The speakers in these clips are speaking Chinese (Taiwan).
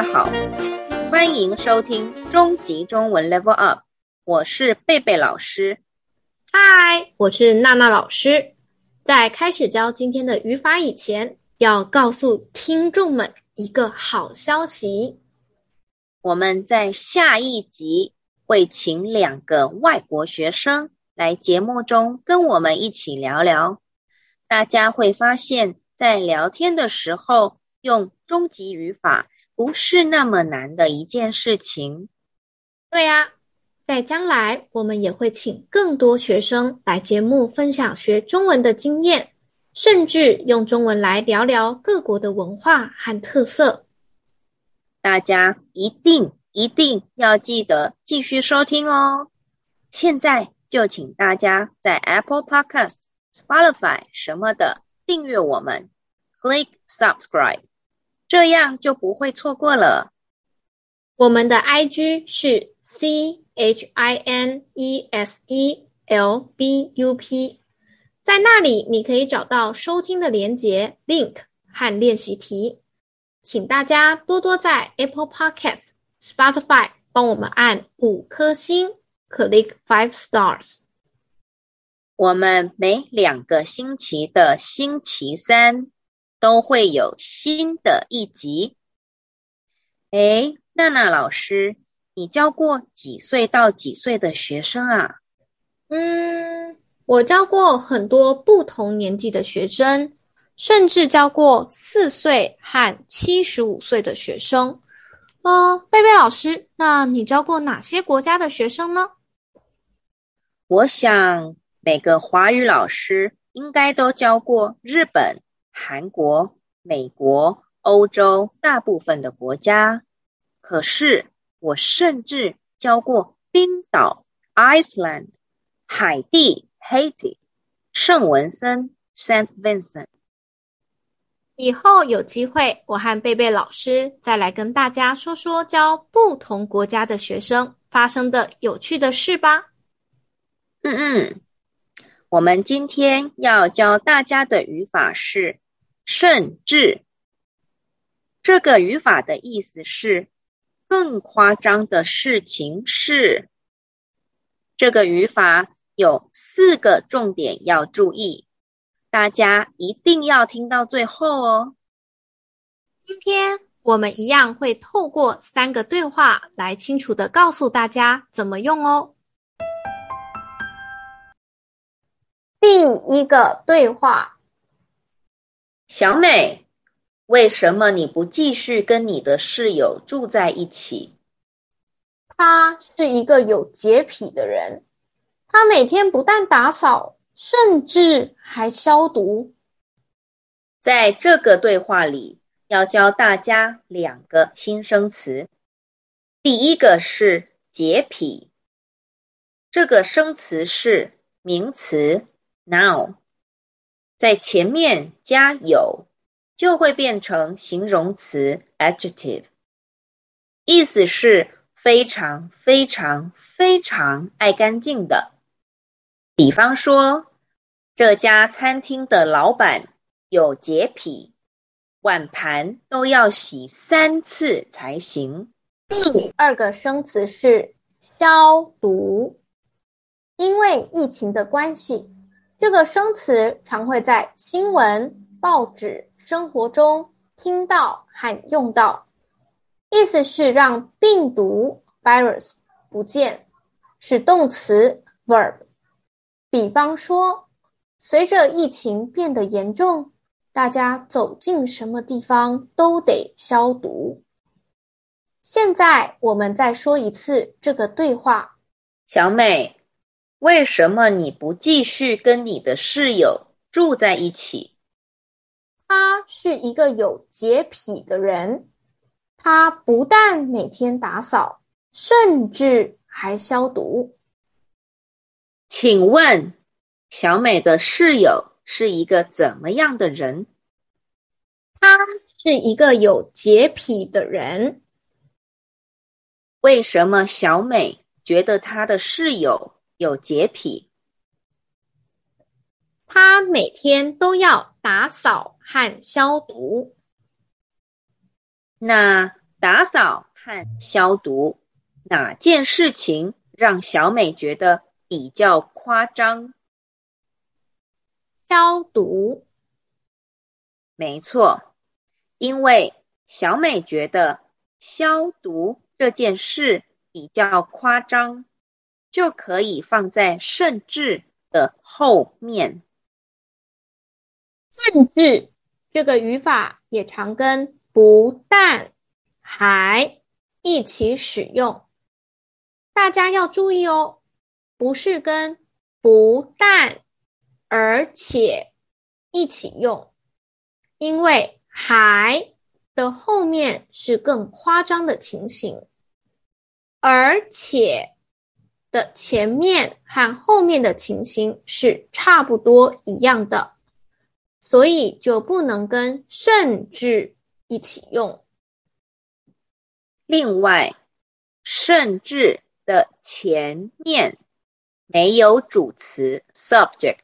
大家好，歡迎收聽《中級中文 Level Up》，我是貝貝老師。嗨，我是娜娜老師。在開始教今天的語法以前，要告訴聽眾們一個好消息：我們在下一集會請兩個外國學生來節目中跟我們一起聊聊。大家會發現，在聊天的時候用中級語法，不是那麼難的一件事情。對呀，在將來我們也會請更多學生來節目分享學中文的經驗，甚至用中文來聊聊各國的文化和特色。大家一定一定要記得繼續收聽哦！現在就請大家在 Apple Podcast、Spotify 什麼的訂閱我們，Click Subscribe。這樣就不會錯過了。我們的 I G 是 C H I N E S E L B U P，在那裡你可以找到收聽的連結 Link 和練習題。請大家多多在 Apple Podcasts、Spotify 幫我們按五顆星，Click Five Stars。我們每兩個星期的星期三，都會有新的一集。哎，娜娜老師，你教過幾歲到幾歲的學生啊？嗯，我教過很多不同年紀的學生，甚至教過四歲和七十五歲的學生。嗯、呃，貝貝老師，那你教過哪些國家的學生呢？我想每個華語老師應該都教過日本。韓國、美國、歐洲大部分的國家，可是我甚至教過冰島 （Iceland）、海地 （Haiti）、聖文森 （Saint Vincent）。以後有機會，我和貝貝老師再來跟大家說說教不同國家的學生發生的有趣的事吧。嗯嗯，我們今天要教大家的語法是。甚至這個語法的意思是更誇張的事情是。這個語法有四個重點要注意，大家一定要聽到最後哦！今天我們一樣會透過三個對話來清楚的告訴大家怎麼用哦。第一個對話。小美，為什麼你不繼續跟你的室友住在一起？他是一個有潔癖的人，他每天不但打掃，甚至還消毒。在這個對話裡，要教大家兩個新生詞，第一個是“潔癖”，這個生詞是名詞 noun 在前面加有，就會變成形容詞 adjective，意思是“非常非常非常愛乾淨的”。比方說，這家餐廳的老闆有潔癖，碗盤都要洗三次才行。第二個生詞是消毒，因為疫情的關係。這個生詞常會在新聞、報紙、生活中聽到和用到，意思是讓病毒 （virus） 不見，是動詞 （verb）。比方說，隨着疫情變得嚴重，大家走進什麼地方都得消毒。現在我們再說一次這個對話：小美，為什麼你不繼續跟你的室友住在一起？他是一個有潔癖的人，他不但每天打掃，甚至還消毒。請問，小美的室友是一個怎麼樣的人？他是一個有潔癖的人。為什麼小美覺得她的室友？有潔癖，他每天都要打掃和消毒。那打掃和消毒哪件事情讓小美覺得比較誇張？消毒，沒錯，因為小美覺得消毒這件事比較誇張。就可以放在甚至的後面。甚至這個語法也常跟不但還一起使用，大家要注意哦，不是跟不但而且一起用，因為還的後面是更誇張的情形，而且。前面和後面的情形是差不多一樣的，所以就不能跟甚至一起用。另外，甚至的前面沒有主詞 subject，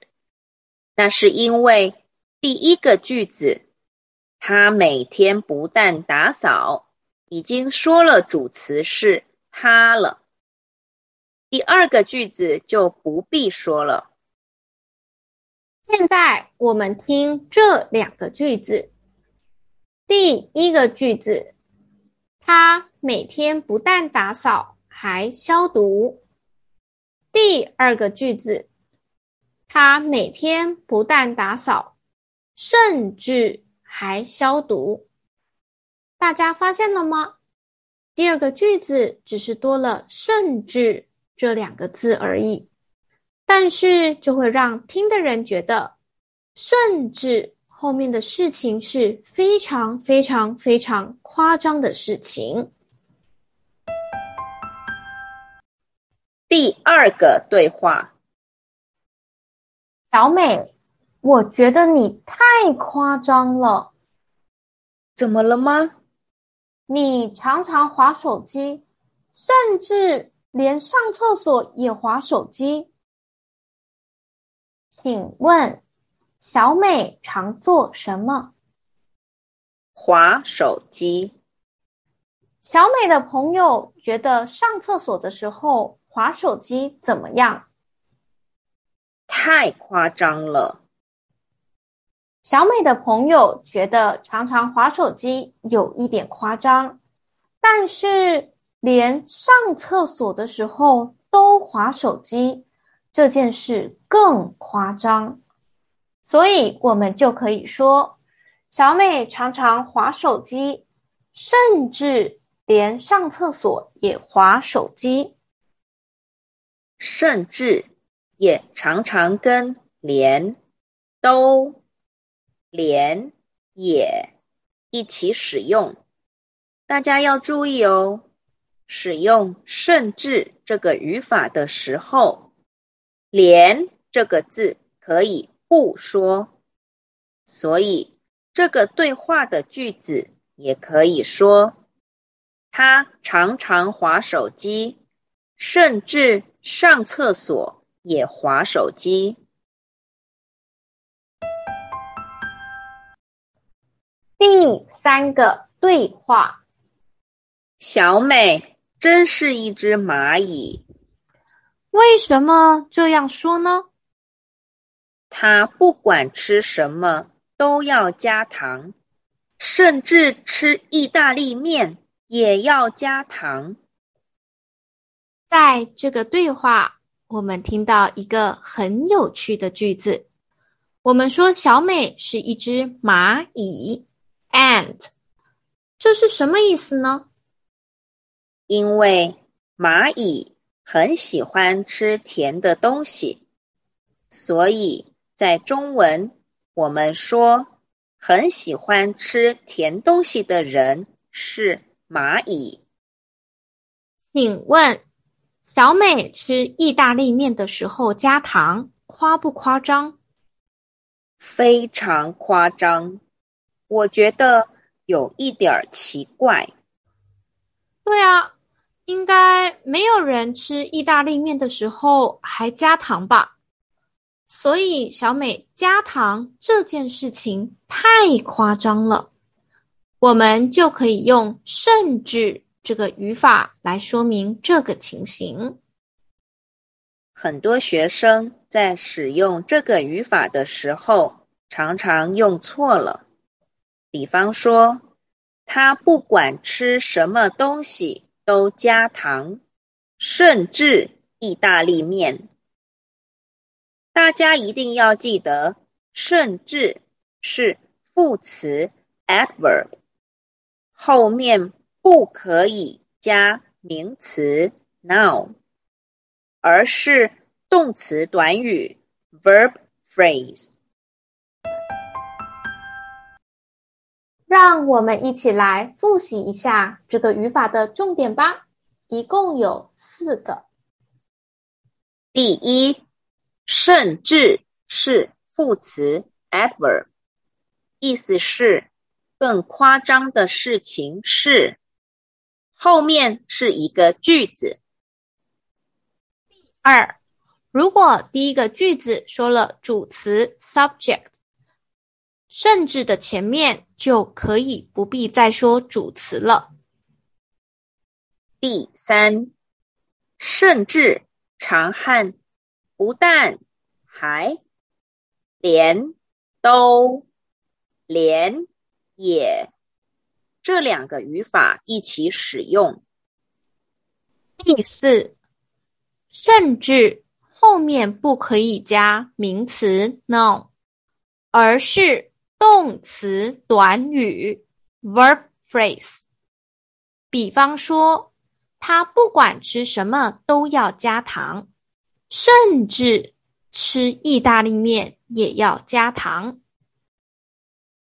那是因為第一個句子他每天不但打掃，已經說了主詞是他了。第二個句子就不必說了。現在我們聽這兩個句子。第一個句子，他每天不但打掃，還消毒。第二個句子，他每天不但打掃，甚至還消毒。大家發現了嗎？第二個句子只是多了“甚至”。這兩個字而已，但是就會讓聽的人覺得，甚至後面的事情是非常非常非常誇張的事情。第二個對話，小美，我覺得你太誇張了，怎麼了嗎？你常常滑手機，甚至……連上廁所也滑手機，請問小美常做什麼？滑手機。小美的朋友覺得上廁所的時候滑手機怎麼樣？太誇張了。小美的朋友覺得常常滑手機有一點誇張，但是，連上廁所的時候都滑手機，這件事更誇張，所以我們就可以說，小美常常滑手機，甚至連上廁所也滑手機。甚至也常常跟連都、連也一起使用，大家要注意哦。使用“甚至”這個語法的時候，連這個字可以不說，所以這個對話的句子也可以說：“他常常滑手機，甚至上廁所也滑手機。”第三個對話，小美。真是一隻螞蟻，為什麼這樣說呢？他不管吃什麼都要加糖，甚至吃意大利麵也要加糖。在這個對話，我們聽到一個很有趣的句子。我們說小美是一隻螞蟻 （ant），這是什麼意思呢？因為螞蟻很喜歡吃甜的東西，所以在中文我們說很喜歡吃甜東西的人是螞蟻。請問，小美吃意大利麵的時候加糖，誇不誇張？非常誇張，我覺得有一點奇怪。對啊。應該沒有人吃意大利麵的時候還加糖吧？所以小美加糖這件事情太誇張了，我們就可以用“甚至”這個語法來說明這個情形。很多學生在使用這個語法的時候，常常用錯了。比方說，他不管吃什麼東西。都加糖，甚至意大利麵。大家一定要記得，甚至是副詞 adverb 後面不可以加名詞 noun，而是動詞短語 verb phrase。讓我們一起來複習一下這個語法的重點吧，一共有四個。第一，甚至是副詞 ever，意思是更誇張的事情是，後面是一個句子。第二，如果第一個句子說了主詞 subject，甚至的前面就可以不必再說主詞了。第三，甚至常和不但、還、連、都、連、也這兩個語法一起使用。第四，甚至後面不可以加名詞 no，而是。動詞短語 verb phrase，比方說，他不管吃什麼都要加糖，甚至吃意大利麵也要加糖。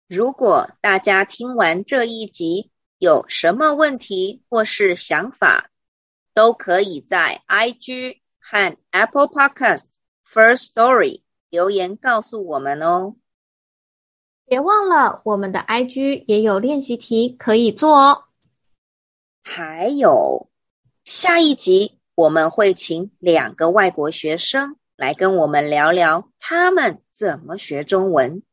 如果大家聽完這一集有什麼問題或是想法，都可以在 IG 和 Apple Podcast First Story 留言告訴我們哦。別忘了，我們的 IG 也有練習題可以做哦。還有，下一集我們會請兩個外國學生來跟我們聊聊他們怎麼學中文。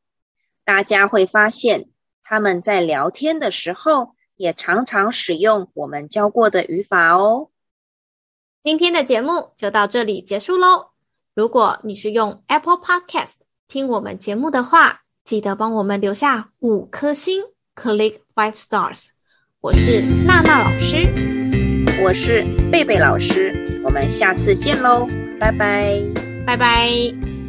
大家會發現，他們在聊天的時候也常常使用我們教過的語法哦。今天的節目就到這裡結束嘍。如果你是用 Apple Podcast 聽我們節目的話，記得幫我們留下五顆星，Click Five Stars。我是娜娜老師，我是貝貝老師，我們下次見嘍，拜拜，拜拜。